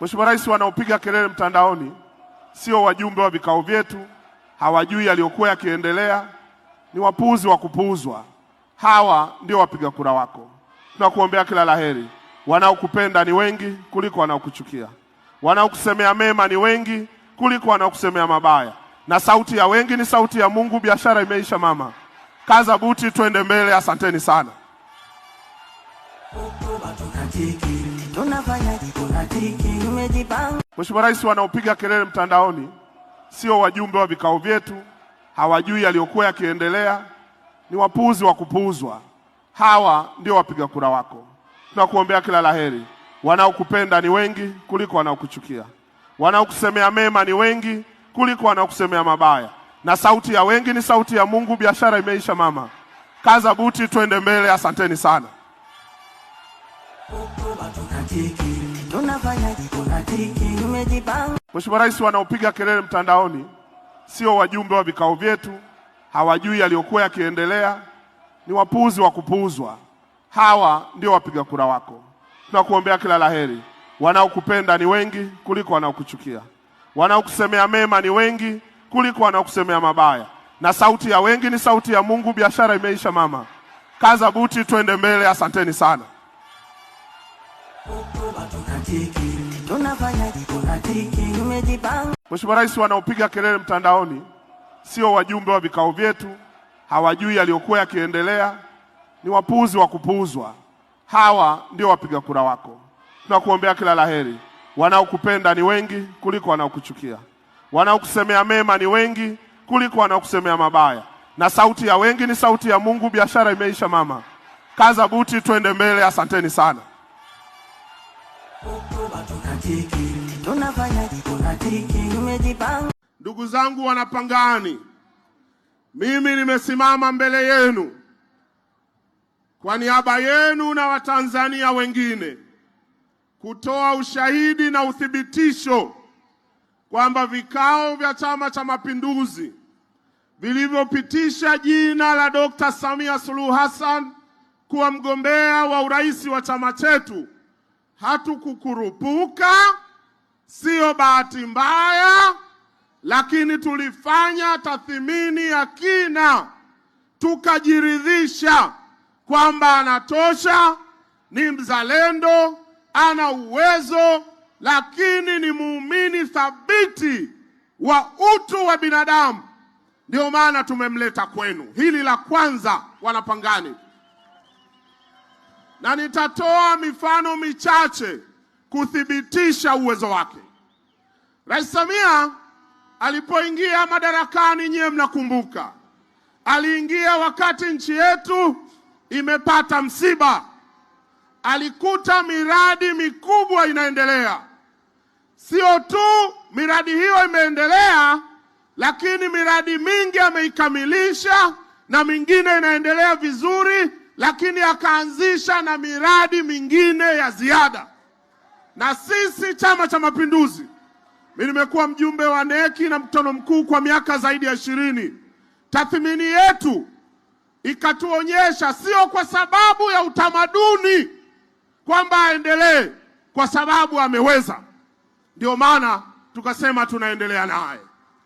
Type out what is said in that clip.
Mheshimiwa Rais, wanaopiga kelele mtandaoni sio wajumbe wa vikao vyetu, hawajui yaliyokuwa yakiendelea, ni wapuuzi wa kupuuzwa. Hawa ndio wapiga kura wako. Tunakuombea kila laheri. Wanaokupenda ni wengi kuliko wanaokuchukia, wanaokusemea mema ni wengi kuliko wanaokusemea mabaya, na sauti ya wengi ni sauti ya Mungu. Biashara imeisha mama, kaza buti, twende mbele. Asanteni sana. Mheshimiwa Rais, wanaopiga kelele mtandaoni sio wajumbe wa vikao vyetu, hawajui yaliyokuwa yakiendelea, ni wapuuzi wa kupuuzwa. Hawa ndio wapiga kura wako. Tunakuombea kila laheri. Wanaokupenda ni wengi kuliko wanaokuchukia, wanaokusemea mema ni wengi kuliko wanaokusemea mabaya, na sauti ya wengi ni sauti ya Mungu. Biashara imeisha mama, kaza buti, twende mbele. Asanteni sana. Mheshimiwa Rais, wanaopiga kelele mtandaoni sio wajumbe wa vikao vyetu, hawajui yaliyokuwa yakiendelea, ni wapuuzi wa kupuuzwa. Hawa ndio wapiga kura wako. Tunakuombea kila laheri. Wanaokupenda ni wengi kuliko wanaokuchukia, wanaokusemea mema ni wengi kuliko wanaokusemea mabaya, na sauti ya wengi ni sauti ya Mungu. Biashara imeisha mama, kaza buti, twende mbele. Asanteni sana. Mheshimiwa Rais, wanaopiga kelele mtandaoni sio wajumbe wa vikao vyetu, hawajui yaliyokuwa yakiendelea, ni wapuuzi wa kupuuzwa. Hawa ndio wapiga kura wako. Tunakuombea kila laheri. Wanaokupenda ni wengi kuliko wanaokuchukia, wanaokusemea mema ni wengi kuliko wanaokusemea mabaya, na sauti ya wengi ni sauti ya Mungu. Biashara imeisha mama, kaza buti, twende mbele. Asanteni sana. Ndugu zangu Wanapangani, mimi nimesimama mbele yenu kwa niaba yenu na Watanzania wengine kutoa ushahidi na uthibitisho kwamba vikao vya Chama cha Mapinduzi vilivyopitisha jina la Dr. Samia Suluhu Hassan kuwa mgombea wa urais wa chama chetu hatukukurupuka, siyo bahati mbaya, lakini tulifanya tathmini ya kina, tukajiridhisha kwamba anatosha, ni mzalendo, ana uwezo, lakini ni muumini thabiti wa utu wa binadamu. Ndio maana tumemleta kwenu. Hili la kwanza, Wanapangani na nitatoa mifano michache kuthibitisha uwezo wake. Rais Samia alipoingia madarakani, nyiye mnakumbuka, aliingia wakati nchi yetu imepata msiba. Alikuta miradi mikubwa inaendelea. Sio tu miradi hiyo imeendelea, lakini miradi mingi ameikamilisha na mingine inaendelea vizuri lakini akaanzisha na miradi mingine ya ziada. Na sisi Chama cha Mapinduzi, mimi nimekuwa mjumbe wa neki na mkutano mkuu kwa miaka zaidi ya ishirini. Tathmini yetu ikatuonyesha sio kwa sababu ya utamaduni kwamba aendelee, kwa sababu ameweza. Ndio maana tukasema tunaendelea naye.